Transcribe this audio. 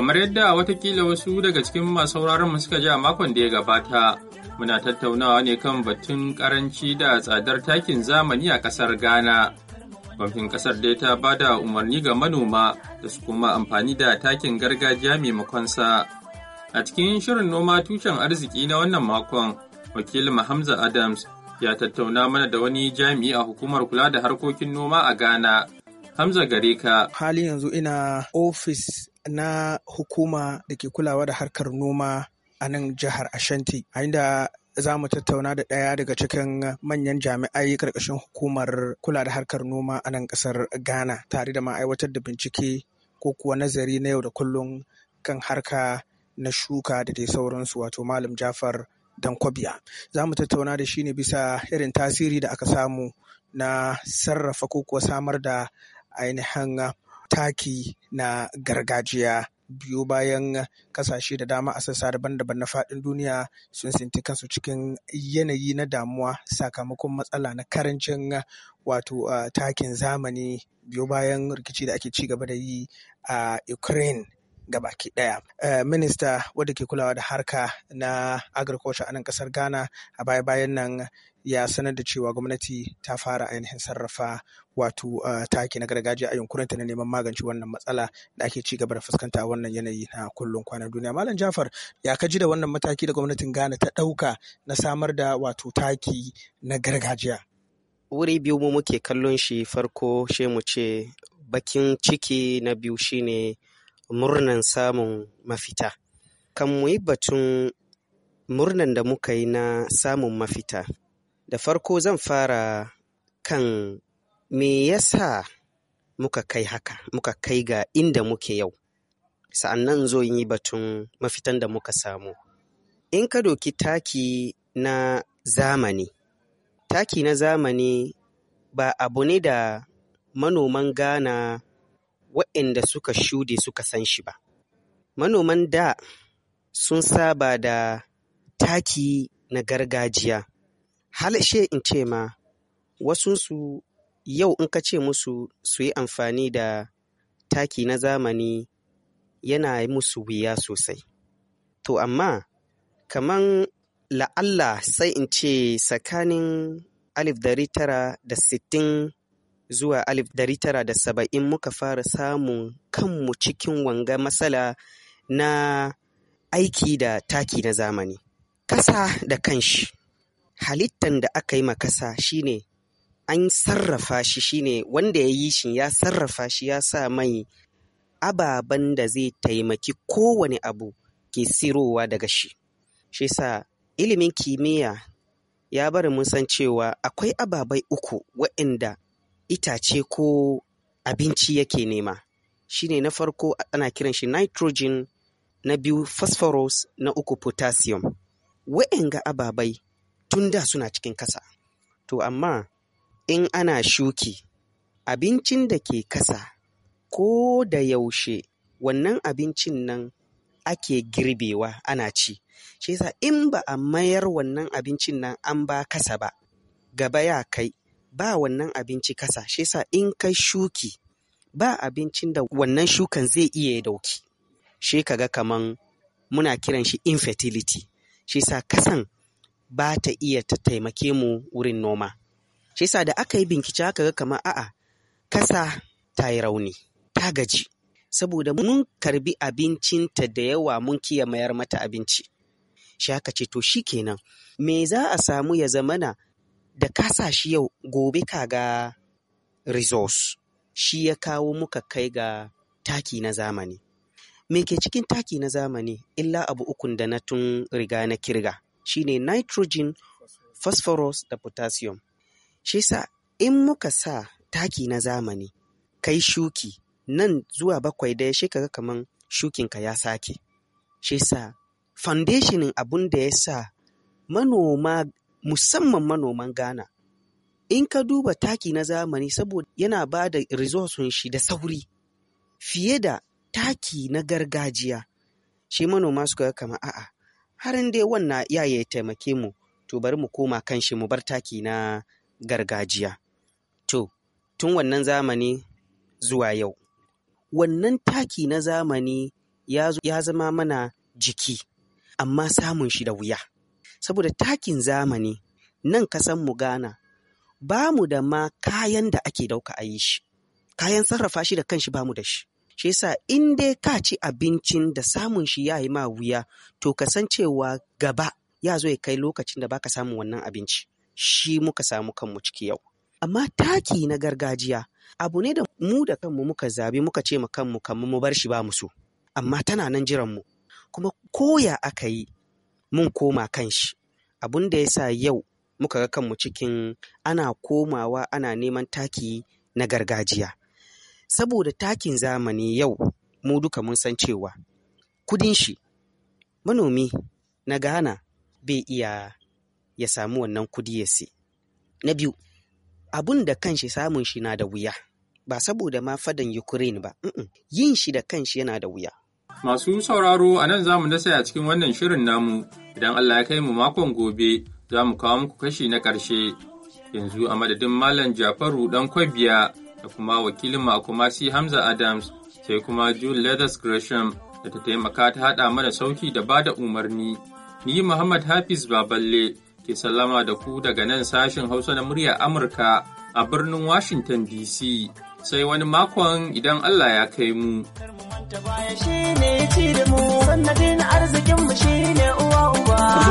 Kamar yadda watakila wasu daga cikin masu mu suka ji a makon da ya gabata, muna tattaunawa ne kan batun karanci da tsadar takin zamani a ƙasar Ghana. bankin ƙasar dai ta ba da umarni ga manoma da su kuma amfani da takin gargajiya maimakon sa. A cikin shirin noma tushen arziki na wannan makon, wakilin Hamza Adams ya tattauna mana da wani jami'i a hukumar kula da harkokin noma a Ghana. Hamza gare ka. Halin yanzu ina ofis na hukuma da ke kulawa da harkar noma a nan jihar Ashanti, a inda za mu tattauna da ɗaya daga cikin manyan jami'ai ƙarƙashin hukumar kula da harkar noma a nan ƙasar Ghana, tare da ma'aiwatar da bincike ko kuwa nazari na yau da kullum kan harka na shuka da dai sauransu wato Malam Jafar Dankwabiya. Za mu tattauna da shi ne bisa irin tasiri da aka samu na sarrafa ko kuwa samar da ainihin taki na gargajiya biyo bayan kasashe da dama a sassa daban-daban na faɗin duniya sun sinti kansu cikin yanayi na damuwa sakamakon matsala na karancin wato ah, takin zamani biyo bayan rikici da ake ci gaba da yi a ukraine gabaki daya. Eh, minista wadda ke kulawa da harka na agriculture a nan kasar Ghana a baya-bayan nan ya sanar da cewa gwamnati ta fara ainihin sarrafa wato eh, taki na gargajiya a yunkurinta na neman magance wannan matsala da ake ci gaba da fuskanta wannan yanayi na kullum kwana duniya malam jafar ya kaji da wannan mataki da gwamnatin ghana ta ɗauka na samar da wato taki na gargajiya wuri biyu mu muke kallon shi farko she mu ce bakin ciki na biyu shine murnan samun mafita. Kan mu yi batun murnan da muka yi na samun mafita, da farko zan fara kan me yasa muka kai haka, muka kai ga inda muke yau. nan zo yi batun mafitan da muka samu. In ka doki taki na zamani, taki na zamani ba abu ne da manoman Ghana waɗanda suka shuɗe suka san shi ba. Manoman da sun saba da taki na gargajiya, halashe in ce ma su yau in ka ce musu su yi amfani da taki na zamani yana yi musu wuya sosai. To amma, kaman la'alla sai in ce tsakanin alif dari tara da sittin zuwa alif dari tara da saba'in muka fara samun kanmu cikin wanga matsala na aiki da taki na zamani. Kasa da kanshi, halittan da aka yi makasa ne an sarrafa shi shine wanda ya yi shi ya sarrafa shi ya sa mai ababen da zai taimaki kowane abu ke sirowa daga shi. Shi sa ilimin kimiyya ya bari mun san cewa akwai ababai uku waɗanda itace ko abinci yake nema shine na farko ana kiran shi nitrogen na biyu phosphorus na uku potassium wa'inga ababai tun da suna cikin kasa to amma in ana shuki abincin da ke kasa ko da yaushe wannan abincin nan ake girbewa ana ci shi yasa in ba a mayar wannan abincin nan an ba kasa ba gaba ya kai ba wannan abinci kasa shi yasa in ka shuki ba abincin da wannan shukan zai iya ya dauki shi kaga kaman muna kiran shi infertility shi yasa kasan ba ta iya ta taimake mu wurin noma shi yasa da aka yi binkice aka ga kaman a'a kasa ta yi rauni ta gaji saboda mun karbi abincinta da yawa mun kiya mayar mata abinci shi aka ce to shi kenan me za a samu ya zamana da kasa shi yau gobe ka ga resource shi ya kawo muka kai ga taki na zamani me ke cikin taki na zamani illa abu ukun da na tun riga na kirga shine nitrogen phosphorus da potassium shi sa in muka sa taki na zamani kai shuki nan zuwa bakwai daya shi kaga kaman shukinka ya sake shi sa foundationin abun da ya sa manoma musamman manoman Ghana. In ka duba taki na zamani saboda yana ba da rizosun shi da sauri fiye da taki na gargajiya. Shi manoma suka ga kama a'a har dai wannan ya ya taimake mu to bari mu koma kan shi mu bar taki na gargajiya. To tun wannan zamani zuwa yau. Wannan taki na zamani ya zama mana jiki amma samun shi da wuya. saboda takin zamani nan kasan mu gana, ba mu da ma kayan da ake dauka a yi shi kayan sarrafa shi da kanshi ba mu da shi shi yasa in dai ka ci abincin da samun shi ya yi ma wuya to kasancewa gaba ya zo ya kai lokacin da baka samu wannan abinci shi muka samu kanmu ciki yau amma taki na gargajiya abu ne da mu da kanmu muka zabi muka ce ma kanmu kanmu mu bar shi ba mu so amma tana nan jiran mu kuma koya aka yi mun koma kan shi. Abun da ya sa yau muka ga kanmu cikin ana komawa ana neman taki na gargajiya. Saboda takin zamani yau mu duka mun san cewa kudin shi manomi na Ghana bai iya ya samu wannan kudi ya si. Na biyu, abun da kanshi samun shi na da wuya, ba saboda ma fadan Ukraine ba, yin shi da kanshi yana da wuya. Masu sauraro a nan za mu dasa a cikin wannan shirin namu idan Allah ya kai mu makon gobe za mu kawo muku kashi na ƙarshe. Yanzu a madadin Malam Jafaru ɗan kwabiya da kuma wakilin Makumasi Hamza Adams sai kuma June Leathers Gresham da ta taimaka ta haɗa mana sauki da ba da umarni. Ni Muhammad Hafiz Baballe ke sallama da ku daga nan sashen Hausa na murya Amurka a birnin Washington DC sai wani makon idan Allah ya kai mu. Ta baya shine ci da mu, sannadin arzikinmu shine uwa uba.